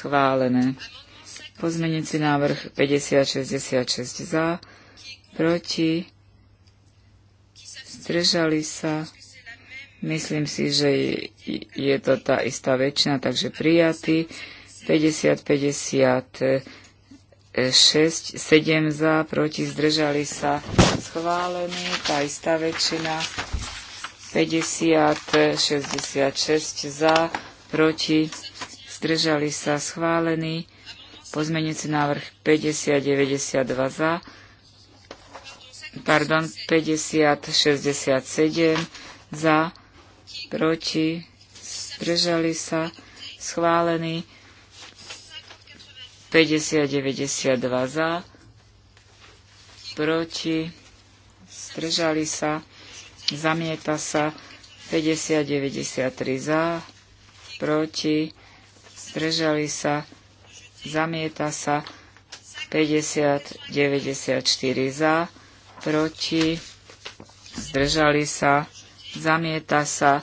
Schválené. Pozmenujúci návrh 5066 za, proti, zdržali sa. Myslím si, že je to tá istá väčšina, takže prijatý. 50, 7 za, proti, zdržali sa. Schválený, tá istá väčšina. 50, 66 za, proti, zdržali sa schválený pozmenujúci návrh 5092 za, pardon, 5067 za, proti, zdržali sa, schválený 5092 za, proti, zdržali sa, zamieta sa 5093 za, proti, zdržali sa, zamieta sa 50, 94 za, proti, zdržali sa, zamieta sa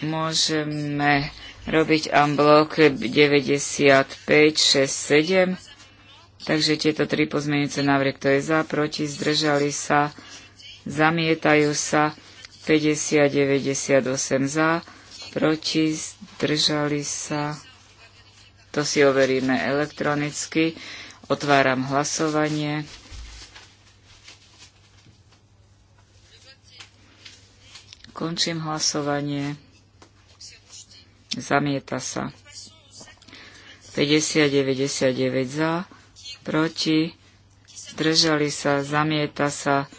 Môžeme robiť unblock 95, 6, 7. Takže tieto tri pozmenujúce návrhy, kto je za, proti, zdržali sa, zamietajú sa. 5098 za, proti, zdržali sa. To si overíme elektronicky. Otváram hlasovanie. Končím hlasovanie. Zamieta sa. 50-99 za, proti, zdržali sa, zamieta sa.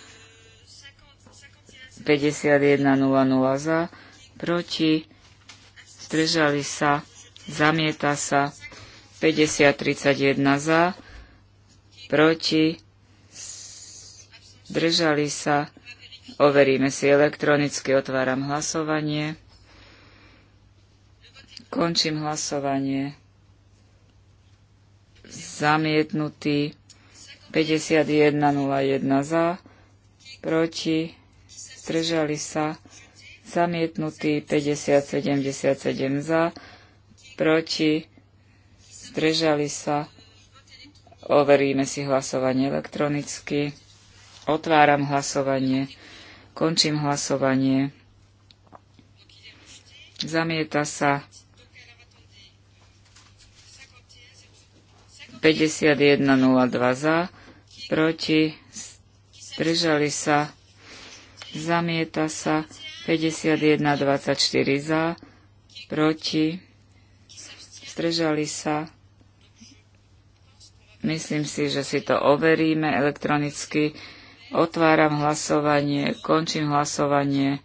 51.00 za, proti, zdržali sa, zamieta sa, 50.31 za, proti, zdržali sa, overíme si elektronicky, otváram hlasovanie, končím hlasovanie, zamietnutý, 51.01 za, proti, zdržali sa, zamietnutý 50-77 za, proti, zdržali sa, overíme si hlasovanie elektronicky, otváram hlasovanie, končím hlasovanie, zamieta sa 51.02 za, proti, zdržali sa Zamieta sa 51-24 za, proti, zdržali sa. Myslím si, že si to overíme elektronicky. Otváram hlasovanie, končím hlasovanie.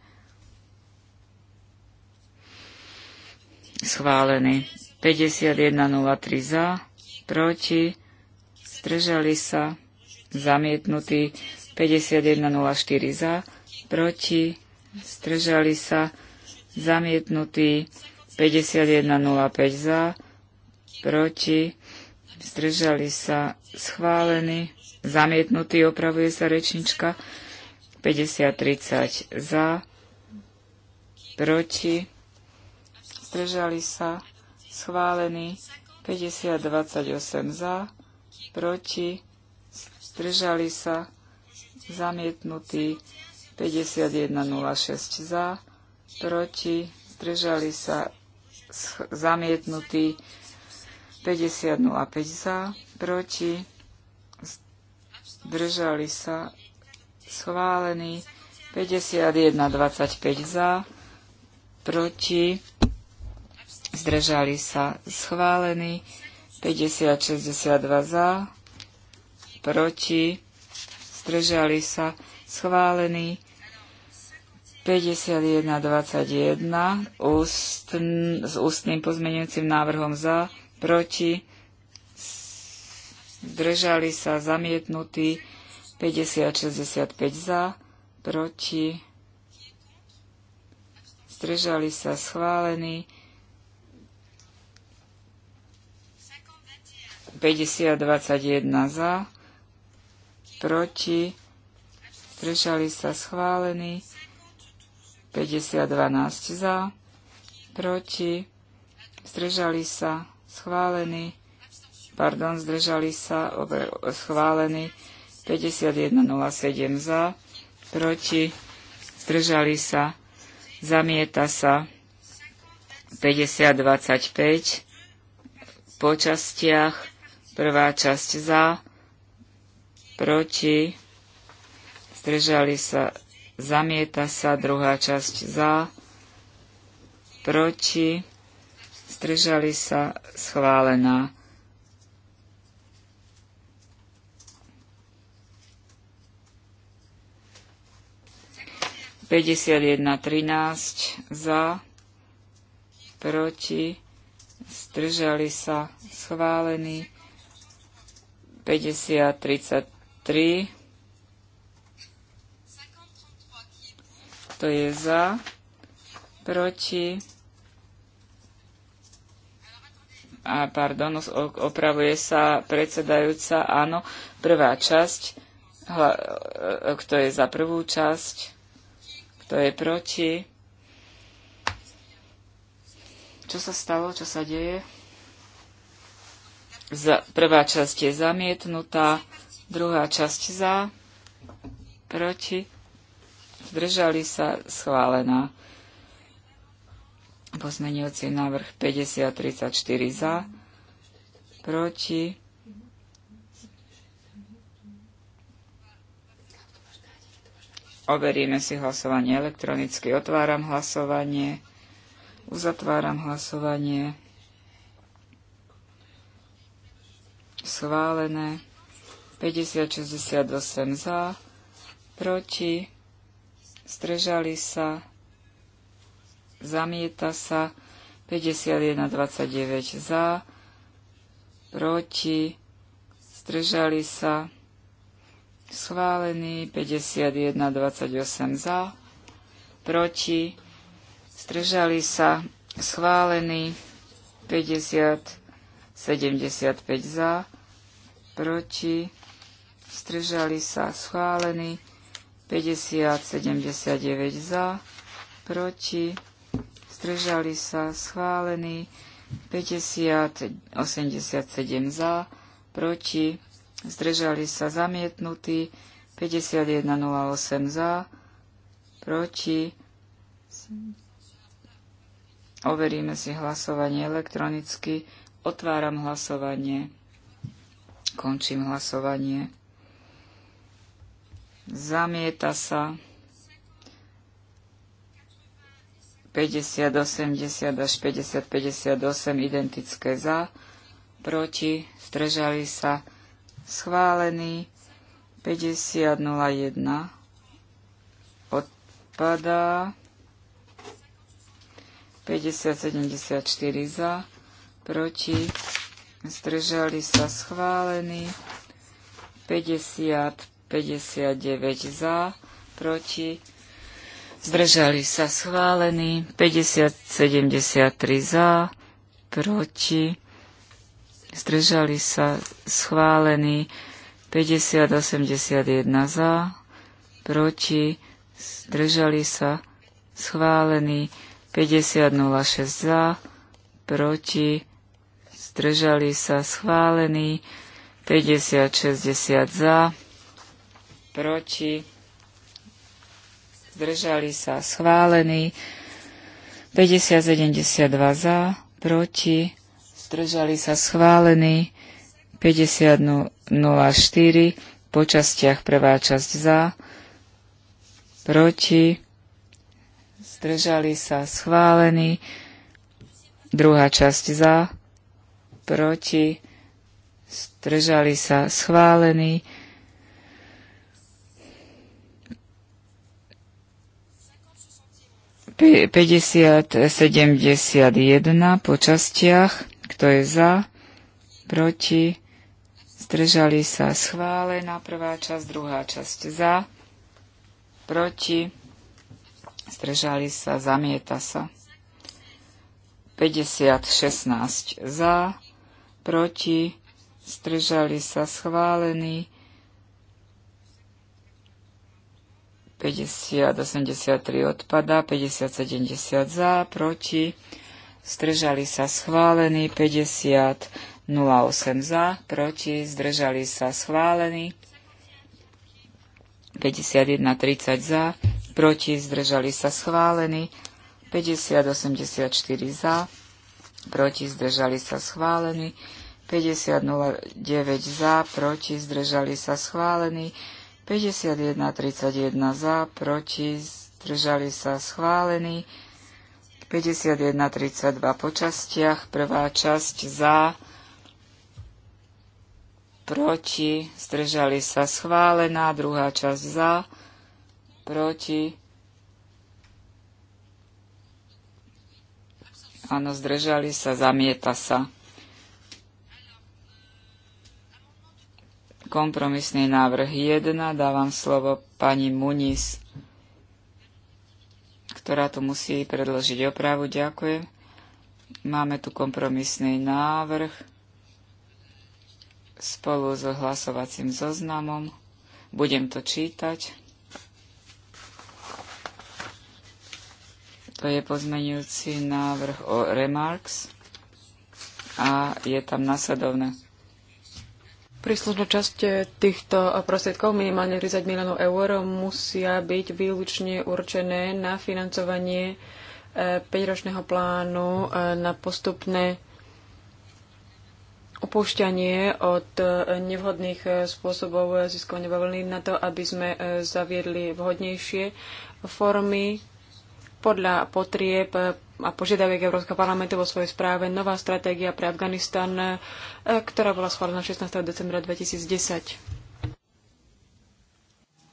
Schválený. 51.03 za, proti, stržali sa, zamietnutý. 51.04 za, proti, zdržali sa, zamietnutý, 51.05 za, proti, zdržali sa, schválený, zamietnutý, opravuje sa rečnička, 50.30 za, proti, zdržali sa, schválený, 50.28 za, proti, zdržali sa, zamietnutý, 51.06 za, proti, zdržali sa zamietnutí 50.05 za, proti, zdržali sa schválení 51.25 za, proti, zdržali sa schválení 50.62 za, proti, zdržali sa schválení 51-21 ústn, s ústnym pozmenujúcim návrhom za, proti, zdržali sa zamietnutí 50-65 za, proti, zdržali sa schválení 50-21 za, proti, zdržali sa schválení 50-21 5012 za, proti, zdržali sa, schválený, pardon, zdržali sa, schválený, 5107 za, proti, zdržali sa, zamieta sa, 5025 po častiach, prvá časť za, proti, zdržali sa, Zamieta sa druhá časť za, proti, zdržali sa, schválená. Päťdesiat jedna trinásť za, proti, zdržali sa, schválený. Päťdesiat tridsať tri Kto je za? Proti? A pardon, opravuje sa predsedajúca, áno, prvá časť. Hla, e, e, kto je za prvú časť? Kto je proti? Čo sa stalo? Čo sa deje? Za, prvá časť je zamietnutá, druhá časť za, proti zdržali sa, schválená. pozmeňujúci návrh 50, 34 za, proti, Overíme si hlasovanie elektronicky. Otváram hlasovanie. Uzatváram hlasovanie. Schválené. 5068 za. Proti strežali sa. Zamieta sa. 51,29 za. Proti. strežali sa. Schválený. 51,28 za. Proti. strežali sa. Schválený. 50, 75 za. Proti. strežali sa. Schválený. 50, 79 za, proti, zdržali sa, schválený, 50, 87 za, proti, zdržali sa, zamietnutý, 51,08 za, proti, overíme si hlasovanie elektronicky, otváram hlasovanie, končím hlasovanie. Zamieta sa. 50, 80 až 50, 58 identické za, proti, zdržali sa, schválený, 50, 01 odpadá, 50, 74 za, proti, zdržali sa, schválený, 50, 59 za, proti, zdržali sa schválení, 50, 73 za, proti, zdržali sa schválení, 50, 81 za, proti, zdržali sa schválení, 50, 06 za, proti, zdržali sa schválení, 50, 60 za, proti, zdržali sa schválení, 5072 za, proti, zdržali sa schválení, 5004 po častiach prvá časť za, proti, zdržali sa schválení, druhá časť za, proti, zdržali sa schválení, 50, 71 po častiach. Kto je za? Proti? Zdržali sa schválená prvá časť, druhá časť za, proti, zdržali sa, zamieta sa. 50, 16 za, proti, zdržali sa, schválený. 50, 83 odpada, 50, 70 za, proti, zdržali sa schválení, 50, 08 za, proti, zdržali sa schválení, 51, 30 za, proti, zdržali sa schválení, 50, 84 za, proti, zdržali sa schválení, 50, 09 za, proti, zdržali sa schválení, 51, 31 za, proti, zdržali sa schválení. 51, 32 po častiach, prvá časť za, proti, zdržali sa schválená, druhá časť za, proti, áno, zdržali sa, zamieta sa. Kompromisný návrh 1. Dávam slovo pani Muniz, ktorá tu musí predložiť opravu. Ďakujem. Máme tu kompromisný návrh spolu s hlasovacím zoznamom. Budem to čítať. To je pozmenujúci návrh o remarks a je tam nasledovné Príslušná časť týchto prostriedkov, minimálne 30 miliónov eur, musia byť výlučne určené na financovanie 5-ročného e, plánu e, na postupné opúšťanie od e, nevhodných spôsobov získovania bavlny na to, aby sme zaviedli vhodnejšie formy podľa potrieb a požiadaviek Európskeho parlamentu vo svojej správe nová stratégia pre Afganistan, e, ktorá bola schválená 16. decembra 2010.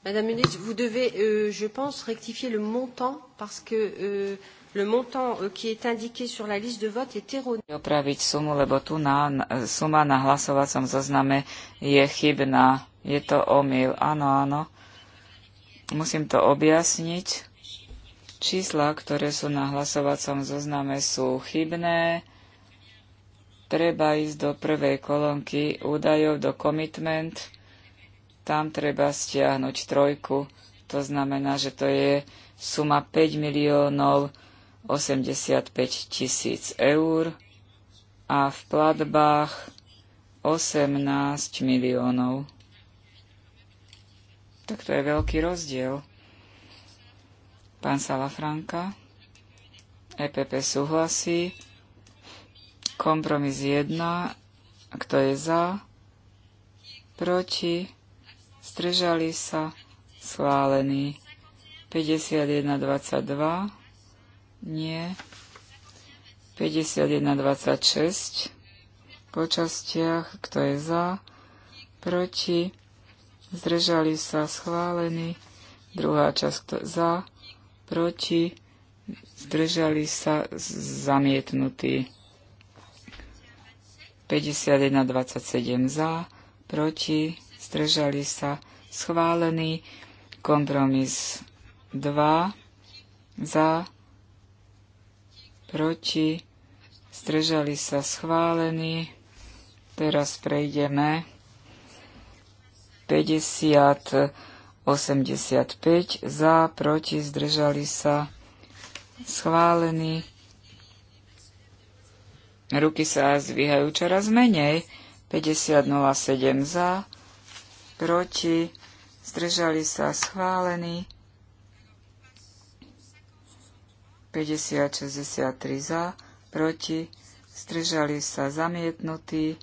Madame Munich, vous devez, euh, je pense, rectifier le montant parce que euh, le montant euh, qui est indiqué sur la liste de vote est erroné. Opraviť sumu, lebo tu na, suma na hlasovacom zozname je chybná. Je to omyl. Áno, áno. Musím to objasniť Čísla, ktoré sú na hlasovacom zozname, sú chybné. Treba ísť do prvej kolónky údajov do commitment. Tam treba stiahnuť trojku. To znamená, že to je suma 5 miliónov 85 tisíc eur a v platbách 18 miliónov. Tak to je veľký rozdiel. Pán Salafranka. EPP súhlasí. Kompromis 1. Kto je za? Proti? Zdržali sa? Schválený. 51.22. Nie. 51.26. Po častiach. Kto je za? Proti? Zdržali sa? Schválený. Druhá časť. za? proti, zdržali sa zamietnutí. 51-27 za, proti, zdržali sa schválený. Kompromis 2 za, proti, zdržali sa schválený. Teraz prejdeme 50 85 za, proti, zdržali sa, schválený. Ruky sa zvíhajú čoraz menej. 50.07 za, proti, zdržali sa, schválený. 50.63 za, proti, zdržali sa, zamietnutý.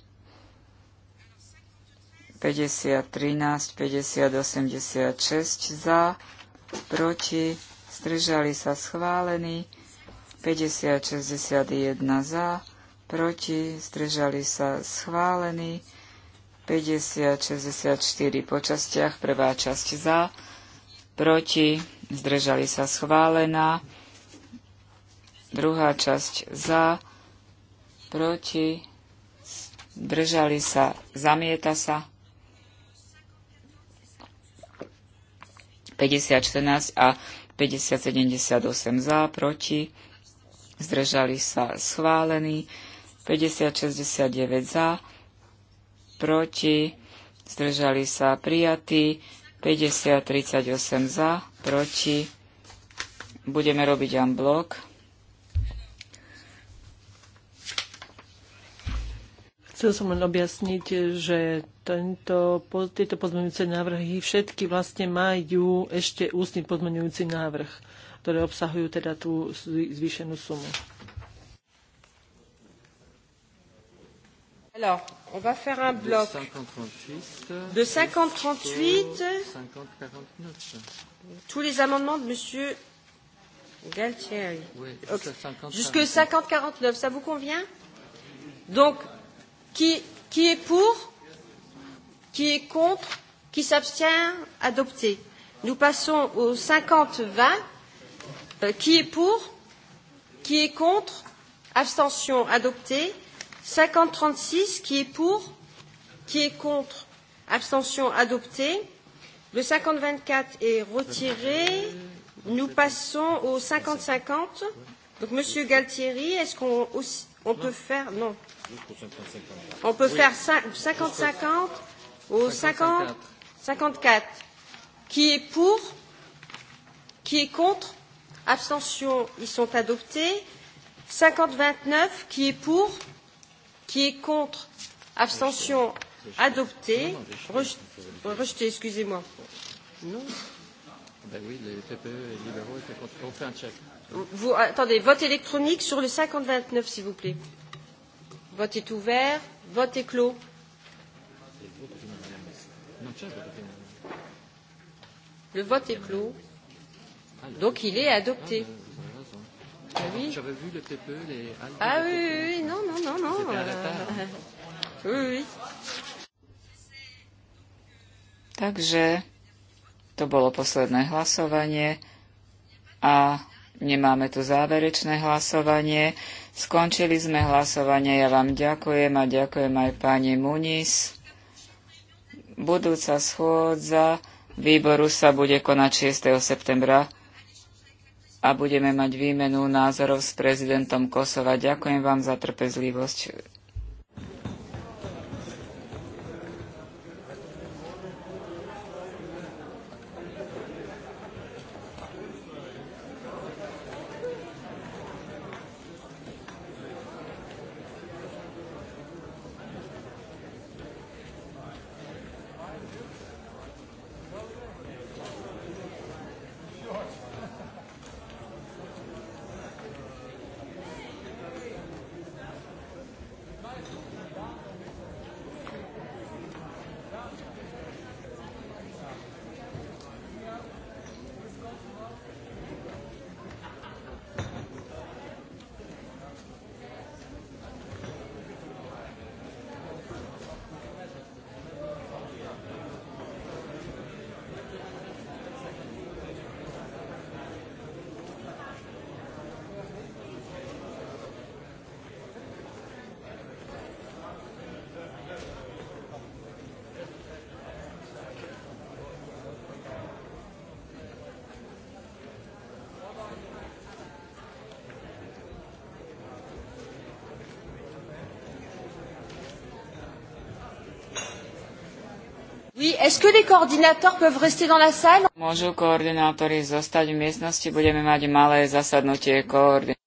50, 13, 50, 86 za, proti, zdržali sa schválení, 50, 61 za, proti, zdržali sa schválení, 50, 64 po častiach, prvá časť za, proti, zdržali sa schválená, druhá časť za, proti, zdržali sa, zamieta sa. 5014 a 5078 za, proti, zdržali sa schválení, 5069 za, proti, zdržali sa prijatí, 5038 za, proti. Budeme robiť unblock. Chcel som len objasniť, že tento, po, tieto pozmeňujúce návrhy všetky vlastne majú ešte ústny pozmeňujúci návrh, ktoré obsahujú teda tú zvýšenú sumu. Alors, on va faire un bloc de 50-38, tous les amendements de M. Galtieri. Oui, okay. Jusque 50-49, ça vous convient Donc, Qui, qui est pour Qui est contre Qui s'abstient Adopté. Nous passons au 50-20. Euh, qui est pour Qui est contre Abstention adoptée. 50-36. Qui est pour Qui est contre Abstention adoptée. Le 50-24 est retiré. Nous passons au 50-50. Donc, Monsieur Galtieri, est-ce qu'on aussi on peut faire, non. On peut faire 50-50 ou 50, 54. Qui est pour Qui est contre Abstention, ils sont adoptés. 50-29, qui est pour Qui est contre Abstention, adopté. Rejeté, excusez-moi. Non. Ben oui, les PPE et libéraux On fait un check. Vous, attendez, vote électronique sur le 5029, s'il vous plaît. Vote est ouvert, vote est clos. Le vote est clos. Donc il est adopté. Ah, ah oui. J'avais vu le TPE, les Ah oui, e. oui, oui, non, non, non, non. Euh... Oui, oui. Takže to bolo posledné hlasovanie a nemáme tu záverečné hlasovanie. Skončili sme hlasovanie. Ja vám ďakujem a ďakujem aj pani Munis. Budúca schôdza výboru sa bude konať 6. septembra a budeme mať výmenu názorov s prezidentom Kosova. Ďakujem vám za trpezlivosť. est-ce que les coordinateurs peuvent rester dans la salle? Môžu koordinátori zostať v miestnosti, budeme mať malé zasadnutie koordinátorov.